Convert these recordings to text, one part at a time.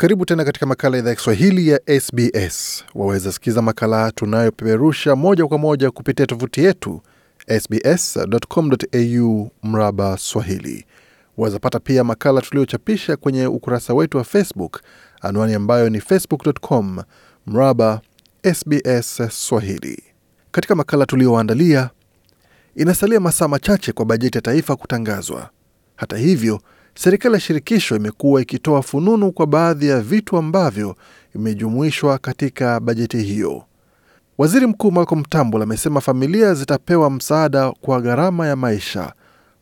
Karibu tena katika makala ya idhaa ya Kiswahili ya SBS. Waweza sikiza makala tunayopeperusha moja kwa moja kupitia tovuti yetu sbs.com.au mraba swahili. Waweza pata pia makala tuliochapisha kwenye ukurasa wetu wa Facebook, anwani ambayo ni facebook.com mraba SBS swahili. Katika makala tuliyoandalia, inasalia masaa machache kwa bajeti ya taifa kutangazwa. Hata hivyo serikali ya shirikisho imekuwa ikitoa fununu kwa baadhi ya vitu ambavyo imejumuishwa katika bajeti hiyo. Waziri Mkuu Malcolm Turnbull amesema familia zitapewa msaada kwa gharama ya maisha,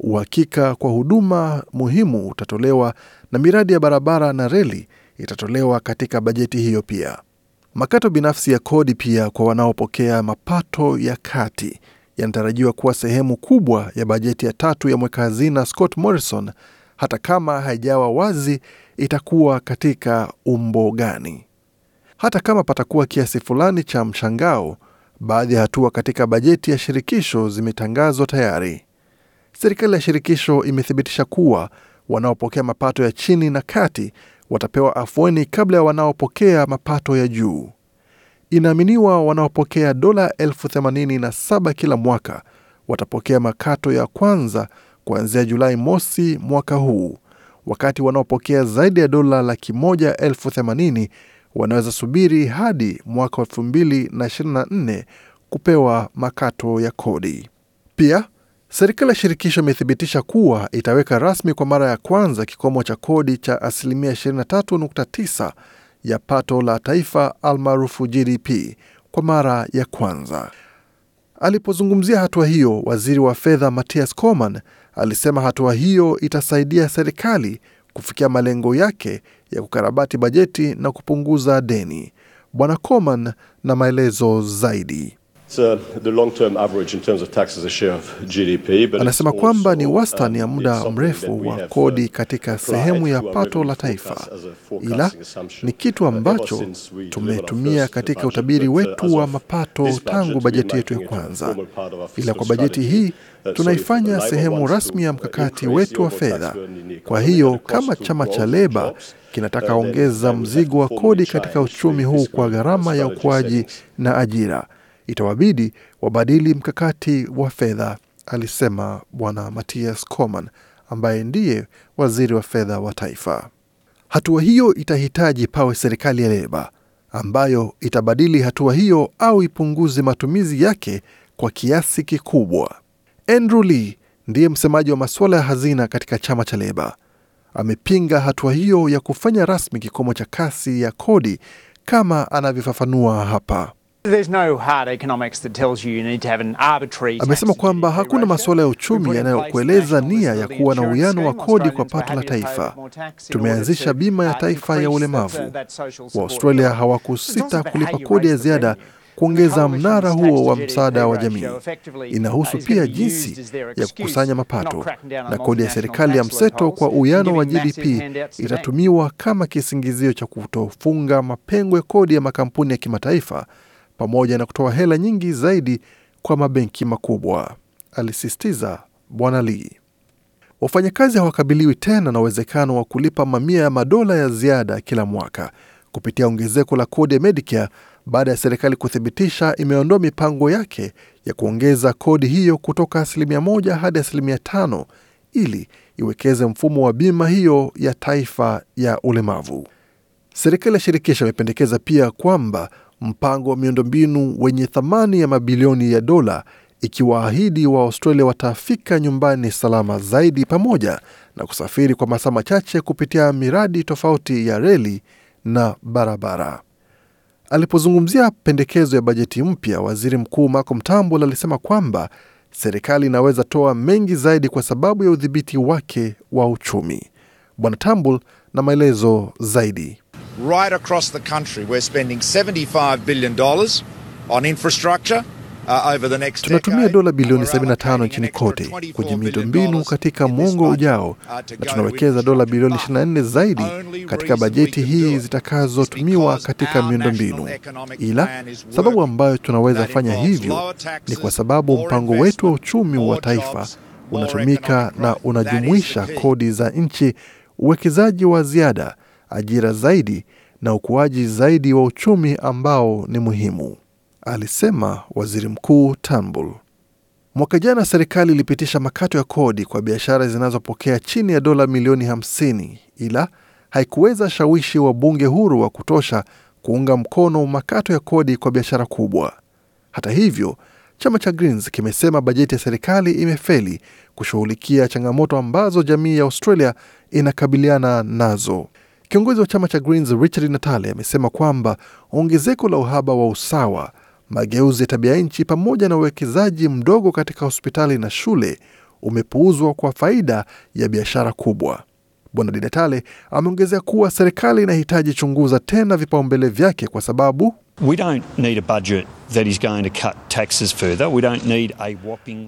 uhakika kwa huduma muhimu utatolewa na miradi ya barabara na reli itatolewa katika bajeti hiyo pia. Makato binafsi ya kodi pia kwa wanaopokea mapato ya kati yanatarajiwa kuwa sehemu kubwa ya bajeti ya tatu ya mweka hazina Scott Morrison hata kama haijawa wazi itakuwa katika umbo gani. Hata kama patakuwa kiasi fulani cha mshangao, baadhi ya hatua katika bajeti ya shirikisho zimetangazwa tayari. Serikali ya shirikisho imethibitisha kuwa wanaopokea mapato ya chini na kati watapewa afueni kabla ya wanaopokea mapato ya juu. Inaaminiwa wanaopokea dola elfu themanini na saba kila mwaka watapokea makato ya kwanza kuanzia Julai mosi mwaka huu. Wakati wanaopokea zaidi ya dola laki moja elfu themanini wanaweza subiri hadi mwaka 224 kupewa makato ya kodi. Pia serikali ya shirikisho imethibitisha kuwa itaweka rasmi kwa mara ya kwanza kikomo cha kodi cha asilimia 23.9 ya pato la taifa almaarufu GDP kwa mara ya kwanza. Alipozungumzia hatua hiyo, waziri wa fedha Mathias coman alisema hatua hiyo itasaidia serikali kufikia malengo yake ya kukarabati bajeti na kupunguza deni. Bwana Coman na maelezo zaidi. Uh, Anasema kwamba ni uh, wastani ya muda mrefu wa uh, kodi katika sehemu ya pato la taifa, ila ni kitu ambacho tumetumia katika utabiri wetu wa mapato tangu bajeti yetu ya kwanza, ila kwa bajeti hii tunaifanya sehemu rasmi ya mkakati wetu wa fedha. Kwa hiyo kama chama cha Leba kinataka ongeza mzigo wa kodi katika uchumi huu kwa gharama ya ukuaji na ajira itawabidi wabadili mkakati wa fedha, alisema Bwana Mathias Coman ambaye ndiye waziri wa fedha wa taifa. Hatua hiyo itahitaji pawe serikali ya Leba ambayo itabadili hatua hiyo au ipunguze matumizi yake kwa kiasi kikubwa. Andrew Lee ndiye msemaji wa masuala ya hazina katika chama cha Leba, amepinga hatua hiyo ya kufanya rasmi kikomo cha kasi ya kodi kama anavyofafanua hapa. Amesema kwamba hakuna masuala ya uchumi yanayokueleza nia ya kuwa na uwiano wa kodi kwa pato la taifa. Tumeanzisha bima ya taifa ya ulemavu. Waaustralia hawakusita kulipa kodi ya ziada kuongeza mnara huo wa msaada wa jamii. Inahusu pia jinsi ya kukusanya mapato, na kodi ya serikali ya mseto kwa uwiano wa GDP itatumiwa kama kisingizio cha kutofunga mapengo ya kodi ya makampuni ya kimataifa pamoja na kutoa hela nyingi zaidi kwa mabenki makubwa, alisisitiza Bwana Lee. Wafanyakazi hawakabiliwi tena na uwezekano wa kulipa mamia ya madola ya ziada kila mwaka kupitia ongezeko la kodi ya Medicare baada ya serikali kuthibitisha imeondoa mipango yake ya kuongeza kodi hiyo kutoka asilimia moja hadi asilimia tano ili iwekeze mfumo wa bima hiyo ya taifa ya ulemavu. Serikali ya shirikisho imependekeza pia kwamba mpango wa miundombinu wenye thamani ya mabilioni ya dola ikiwaahidi wa Australia watafika nyumbani salama zaidi pamoja na kusafiri kwa masaa machache kupitia miradi tofauti ya reli na barabara. Alipozungumzia pendekezo ya bajeti mpya, waziri mkuu Malcolm Turnbull alisema kwamba serikali inaweza toa mengi zaidi kwa sababu ya udhibiti wake wa uchumi. Bwana Turnbull na maelezo zaidi right across the country. We're spending $75 billion on infrastructure. Uh, tunatumia dola bilioni 75 nchini kote kwenye mbinu katika mwongo ujao, uh, na tunawekeza dola bilioni 24 zaidi katika bajeti hii zitakazotumiwa katika miundo mbinu Ila sababu ambayo tunaweza fanya hivyo ni kwa sababu mpango wetu wa uchumi wa taifa unatumika na unajumuisha kodi za nchi, uwekezaji wa ziada ajira zaidi na ukuaji zaidi wa uchumi ambao ni muhimu, alisema Waziri Mkuu Turnbull. Mwaka jana serikali ilipitisha makato ya kodi kwa biashara zinazopokea chini ya dola milioni 50 ila haikuweza shawishi wa bunge huru wa kutosha kuunga mkono makato ya kodi kwa biashara kubwa. Hata hivyo, chama cha Greens kimesema bajeti ya serikali imefeli kushughulikia changamoto ambazo jamii ya Australia inakabiliana nazo. Kiongozi wa chama cha Greens Richard Natale amesema kwamba ongezeko la uhaba wa usawa, mageuzi ya tabia nchi, pamoja na uwekezaji mdogo katika hospitali na shule umepuuzwa kwa faida ya biashara kubwa. Bwana Di Natale ameongezea kuwa serikali inahitaji chunguza tena vipaumbele vyake kwa sababu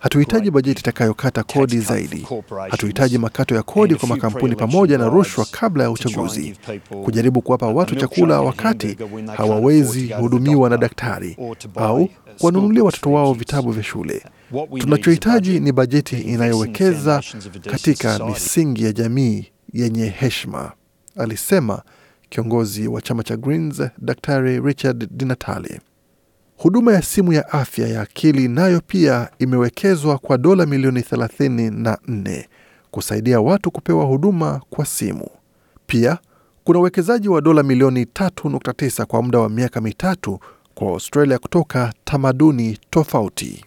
Hatuhitaji bajeti itakayokata kodi zaidi. Hatuhitaji makato ya kodi kwa makampuni pamoja na rushwa kabla ya uchaguzi. Kujaribu kuwapa watu chakula wakati hawawezi hudumiwa na daktari au kuwanunulia watoto wao vitabu vya shule. Tunachohitaji ni bajeti inayowekeza katika misingi ya jamii yenye heshima, alisema kiongozi wa chama cha Greens Daktari Richard Dinatali. Huduma ya simu ya afya ya akili nayo pia imewekezwa kwa dola milioni 34 kusaidia watu kupewa huduma kwa simu. Pia kuna uwekezaji wa dola milioni 3.9 kwa muda wa miaka mitatu kwa Australia kutoka tamaduni tofauti.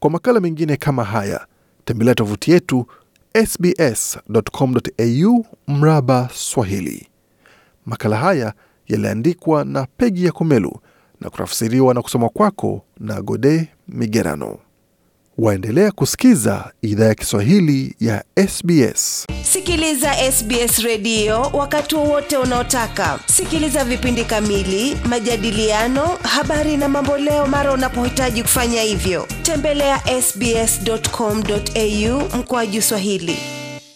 Kwa makala mengine kama haya, tembelea tovuti yetu sbs.com.au mraba Swahili. Makala haya yaliandikwa na Pegi ya Komelu na kutafsiriwa na kusoma kwako na Gode Migerano. Waendelea kusikiza idhaa ya Kiswahili ya SBS. Sikiliza SBS redio wakati wowote unaotaka. Sikiliza vipindi kamili, majadiliano, habari na mamboleo mara unapohitaji kufanya hivyo. Tembelea ya sbs.com.au mkoaju Swahili.